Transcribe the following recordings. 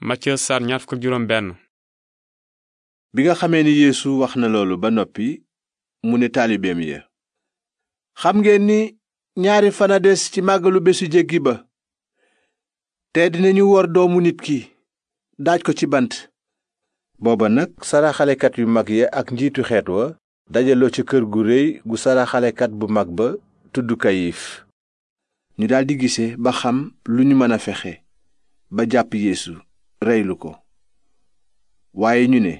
Matthieu saar ñaar bi nga xamee ni yeesu wax na loolu ba noppi mu ne taalibeem ya xam ngeen ni ñaari fana des ci màggalu bésu jéggi ba te dinañu wor doomu nit ki daaj ko ci bant booba nag saraxalekat yu mag ya ak njiitu xeet wa dajaloo ci kër gu réy gu saraxalekat bu mag ba tudd kayif ñu daldi gise ba xam lu ñu mën a fexe ba jàpp yeesu reylu ko waaye ñu ne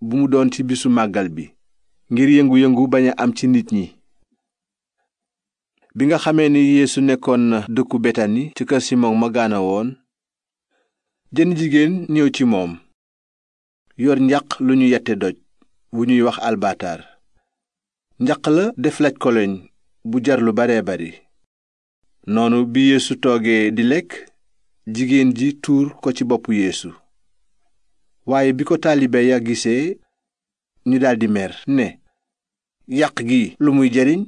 bu mu doon ci bisu màggal bi ngir yëngu-yëngu bañ am ci nit ñi bi nga xamee ni yeesu nekkoon na dëkku betani ci kër simon ma gaana woon jën jigéen ñëw ci moom yor njaq lu ñu yette doj bu ñuy wax albaataar njaq la def laj koloñ bu jar lu baree bari noonu bi yeesu toogee di lekk jigéen ji tuur ko ci boppu yeesu waaye bi ko taalibe ya gisee ñu daldi mer ne yàq gi lu muy jariñ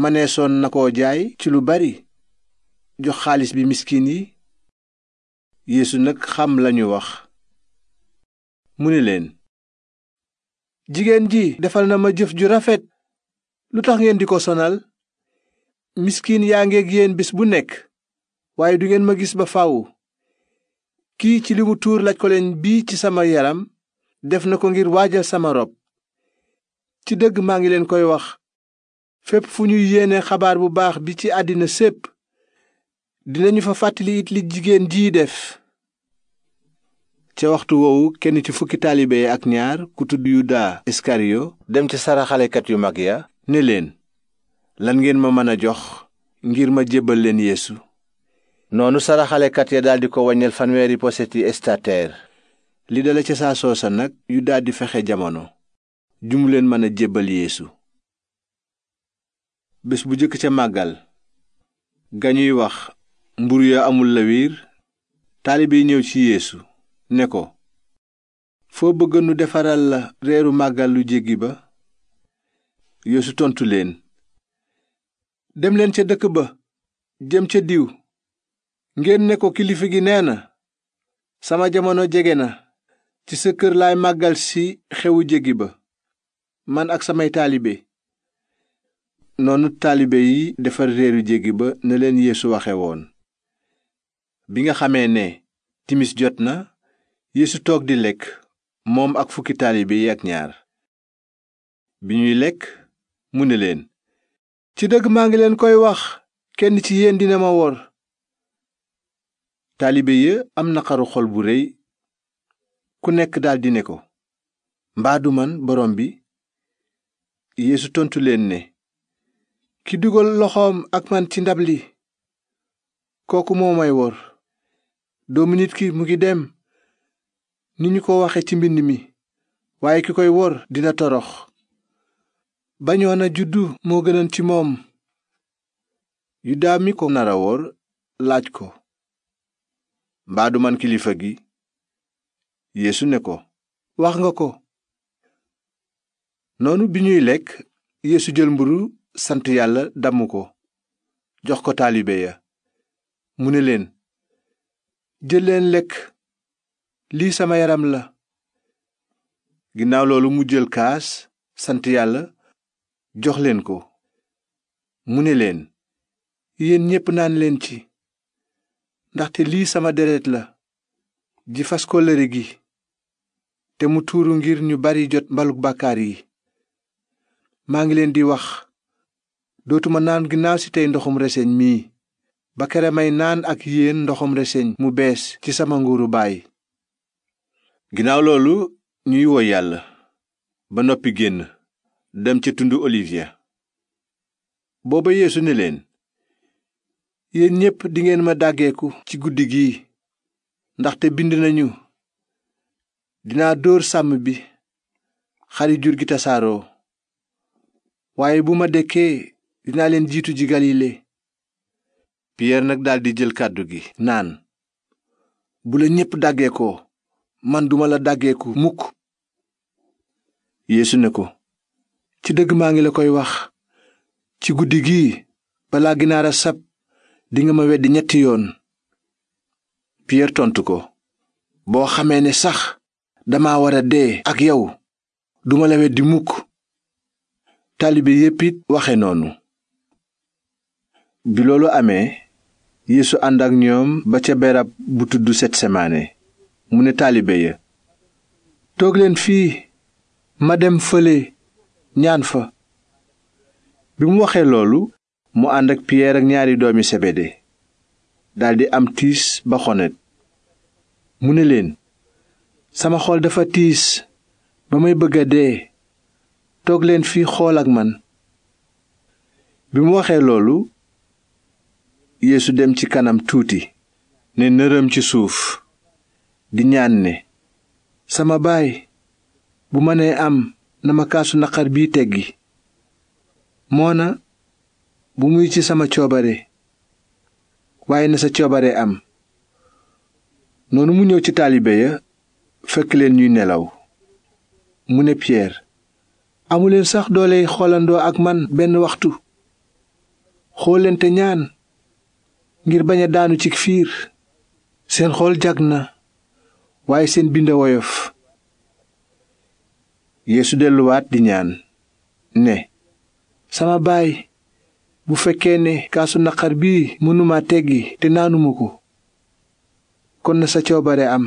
maneesoon na koo jaay ci lu bari jox xaalis bi miskin yi yéesu nag xam lañu wax mu ni leen jigéen ji defal na ma jëf ju rafet lu tax ngeen di ko sonal miskin yaa ngeeg yéen bis bu nekk waaye du ngeen ma gis ba faw kii ci li mu tuur laj ko leen bii ci sama yaram def na ko ngir waajal sama rob ci dëgg maa ngi leen koy wax fépp fu ñuy yéene xabaar bu baax bi ci àddina sépp dinañu fa fàttali it li jigéen jii def ca waxtu woowu kenn ci fukki taalibe yi ak ñaar ku tudd yuda iskariyo dem ci saraxalekat yu mag ya ni leen lan ngeen ma mën a jox ngir ma jébbal leen yéesu noonu saraxalekat ya daldi ko waññeel fanweeri poseti estateer li dale ca saa soosa nag yu daldi fexe jamono jumu leen mën a jébbal yéesu bés bu jëkk ca màggal gañuy wax mburu ya amul lawiir taalibe yi ñëw ci yeesu ne ko foo bëgg nu defaral la reeru màggal lu jéggi ba yeesu tontu leen dem leen ca dëkk ba jëm ca diw ngeen ne ko kilifa gi nee na sama jamono jege na ci sa kër laay màggal si xewu jéggi ba man ak samay taalibe noonu taalibe yi defar reeru jéggi ba na leen yéesu waxe woon bi nga xamee ne timis jot na yeesu toog di lekk moom ak fukki taalibe yi ak ñaar bi ñuy lekk mu ne leen ci dëgg maa ngi leen koy wax kenn ci yéen dina ma wor taalibe ya am naqaru xol bu réy ku nekk daldi ne ko mbaa du man borom bi yéesu tontu leen ne ki dugal loxoom ak man ci ndab li kooku moo may wor doomu nit ki mu ngi dem ni ñu ko waxe ci mbind mi waaye ki koy wor dina torox bañoon a juddu moo gënoon ci moom yudaa mi ko nara laaj ko mbaa du man kilifa gi yeesu ne ko wax nga ko noonu bi ñuy lekk yéesu jël mburu sant yàlla damm ko jox ko taalibe ya mu ne leen jël leen lekk lii sama yaram la ginnaaw loolu mu jël kaas sant yàlla jox leen ko mu ne leen yéen ñépp naan leen ci ndaxte lii sama deret la ji fas kóllëre gi te mu tuuru ngir ñu bari jot mbalug bàkkaar yi maa ngi leen di wax dootuma naan ginnaaw si tey ndoxum reseñ mii ba kere may naan ak yéen ndoxum reseñ mu bees ci sama nguuru baay ginnaaw loolu ñuy woy yàlla ba noppi génn dem ca tundu olivier booba leen yéen ñépp dingeen ma dàggeeku ci guddi gii ndaxte bind nañu dinaa dóor sàmm bi xari jur gi tasaaroo waaye bu ma dekkee dinaa leen jiitu ji galile piyeer nag daldi jël kàddu gi naan bu la ñépp dàggeekoo man duma la dàggeeku mukk yéesu ne ko ci dëgg maa ngi la koy wax ci guddi gii balaa ginaara sab dinga ma ñetti yoon piyeer tontu ko boo xamee ne sax dama war a dee ak yow duma la di mukk taalibe yépp it waxe noonu bi loolu amee yéesu ànd ak ñoom ba ca berab bu tudd setsemaane mu ne taalibe ya toog leen fii ma dem fële ñaan fa bi mu waxee loolu mu ànd ak piyeer ak ñaari doomi sebede daldi am tiis ba xonet mu ne leen sama xool dafa tiis ba may bëgg a dee toog leen fii xool ak man bi mu waxee loolu yéesu dem ci kanam tuuti ne nërëm ci suuf di ñaan ne sama baay bu ma nee am na ma kaasu naqar bii teggi moona bu muy ci sama coobare waaye na sa coobare am noonu mu ñëw ci taalibe ya fekk leen ñuy nelaw mu ne Pierre amuleen sax dooley xoolandoo ak man benn waxtu xooleen te ñaan ngir bañ a daanu ci fiir seen xool jag na waaye seen bind woyof yeesu delluwaat di ñaan ne sama baay bu fekkee ne kaasu naqar bii mënuma teggi te naanuma ko kon na sa coobare am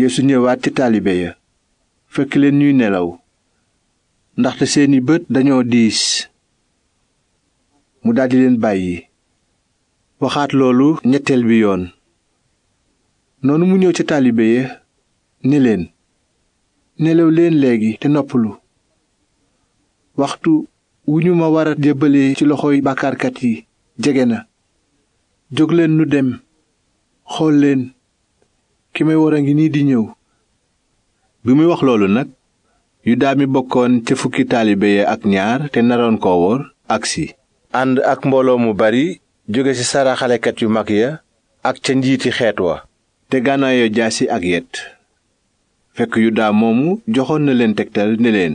yeesu ñëwaat ci taalibe ya fekk leen ñuy nelaw ndaxte seeni bët dañoo diis mu daldi leen bàyyi waxaat loolu ñetteel bi yoon noonu mu ñëw ca taalibe ya ne leen nelaw leen léegi te noppalu waxtu wu ñu ma war a jébbale ci loxoy bàkkaarkat yi jege na jógleen nu dem xool leen ki may war a ngi nii di ñëw bi muy wax loolu nag yudaa mi bokkoon ca fukki taalibe ya ak ñaar te naroon koo wor agsi ànd ak mbooloo mu bari jóge ci saraxalekat yu mag ya ak ca njiiti xeet wa te gànnaayoo jaasi ak yet fekk yudaa moomu joxoon na leen tegtal ne leen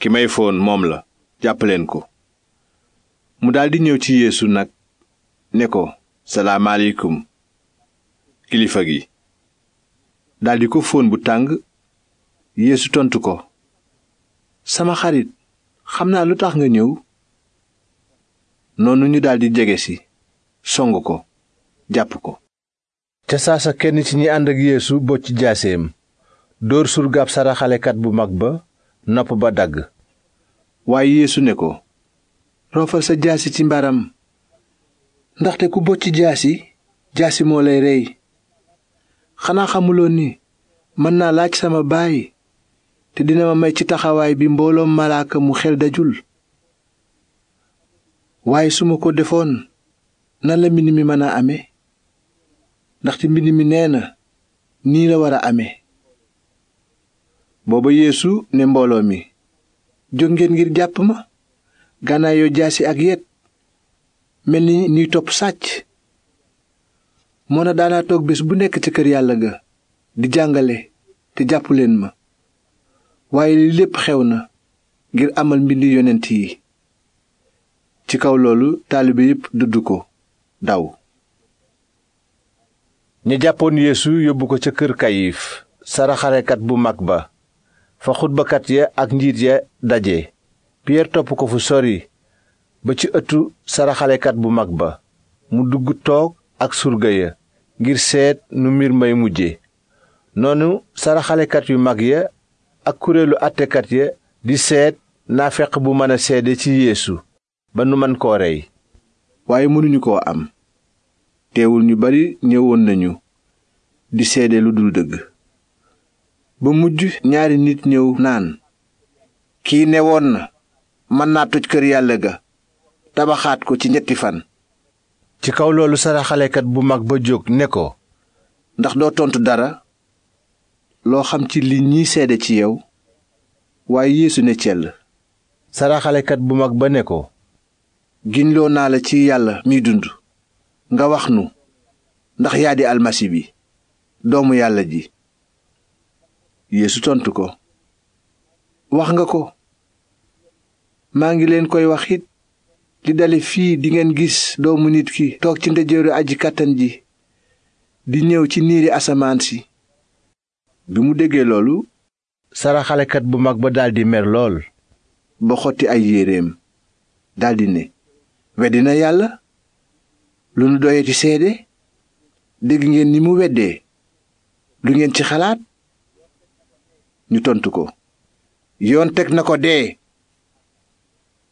ki may foon moom la jàpp leen ko mu daldi ñëw ci yéesu nag ne ko salaamaaleykum kilifa gi daldi ko fóon bu tàng yéesu tontu ko sama xarit xam naa lu tax nga ñëw noonu ñu daldi jege si song ko jàpp ko ca saasa kenn ci ñi ànd ak boo ci jaaseem dóor surgaab saraxalekat bu mag ba nopp ba dagg waaye yéesu ne ko roofal sa jaasi ci mbaram ndaxte ku bocc jaasi jaasi moo lay rey xanaa xamuloo ni mën naa laaj sama baay te dina ma may ci taxawaay bi mbooloo malaaka mu xel dajul waaye su ma ko defoon nan la mbind mi mën a amee ndaxte mbind mi nee na nii la war a amee booba yéesu ne mbooloo mi jóg ngeen ngir jàpp ma gànnaayoo jaasi ak yet mel ni ñuy topp sàcc moona daanaa toog bés bu nekk ca kër yàlla ga di jàngale te jàpp leen ma waaye li lépp xew na ngir amal mbind yonent yi ci kaw loolu taalibe yépp dudd ko daw ñu jàppoon yeesu yóbbu ca kër kayif saraxarekat bu mag ba fa xutbakat ya ak njiit ya daje piyeer topp ko fu sori ba ci ëttu saraxalekat bu mag ba mu dugg toog ak surga ya ngir seet nu mbir may mujje noonu saraxalekat yu mag ya ak kuréelu àttekat ya di seet naa feq bu mën a seede ci yéesu ba nu man koo rey waaye mënuñu koo am teewul ñu bari ñëwoon nañu di seede lu dul dëgg ba mujj ñaari nit ñëw naan kii ne woon na mën naa toj kër yàlla ga tabaxaat ko ci ñetti fan ci kaw loolu saraxalekat bu mag ba jóg né ko ndax doo tontu dara loo xam ci li ñuy seede ci yow waaye yeesu ne cell saraxalekat bu mag ba ne ko giñloo naa la ci yàlla mi dund nga wax nu ndax yaa di almasi bi doomu yàlla ji yeesu tontu ko wax nga ko maa ngi leen koy waxit it li dale fii dingeen gis doomu nit ki toog ci ndejeeru aji kàttan ji di ñëw ci niiri asamaan si bi mu déggee loolu saraxalekat bu mag ba daldi mer lool ba xotti ay yéreem daldi ne wedd na yàlla lu nu doyati seede dégg ngeen ni mu weddee lu ngeen ci xalaat ñu tontu ko yoon teg na ko dee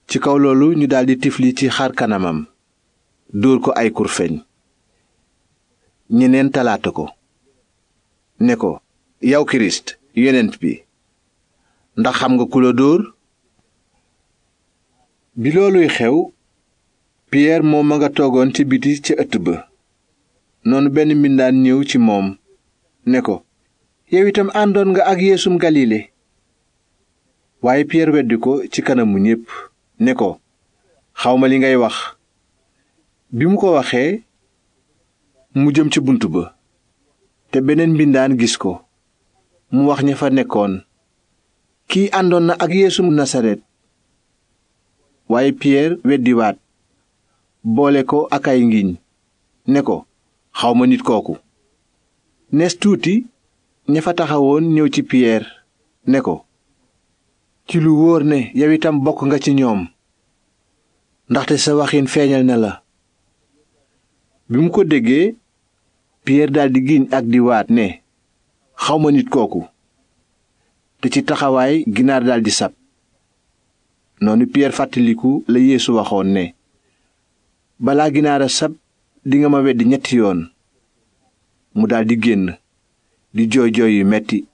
ci kaw loolu ñu daldi tifli ci xar kanamam dóor ko ay kurfeñ ñeneen talaata ko ne ko yow kirist yonent bi ndax xam nga ku dóor bi looluy xew piyeer moom a nga toogoon ci biti ci ëtt ba noonu benn mbindaan ñëw ci moom ne ko yow itam àndoon nga ak yéesum galile waaye piyeer weddi ko ci kanamu ñépp ne ko xawma li ngay wax bi mu ko waxee mu jëm ca bunt ba te beneen mbindaan gis ko mu wax ña fa nekkoon kii àndoon na ak yéesum nasaret waaye piyeer weddiwaat boole ko ak ay ngiñ ne ko xawma nit kooku nees ña fa taxawoon ñëw ci piyeer ne ko ci lu wóor ne yow itam bokk nga ci ñoom ndaxte sa waxin feeñal na la bi mu ko déggee piyeer daldi giñ ak di waat ne xawma nit kooku te ci taxawaay ginaar daldi sab noonu piyeer fàttaliku la yeesu waxoon ne balaa ginaar a sab dinga ma weddi ñetti yoon mu daldi génn di jooy jooy yu metti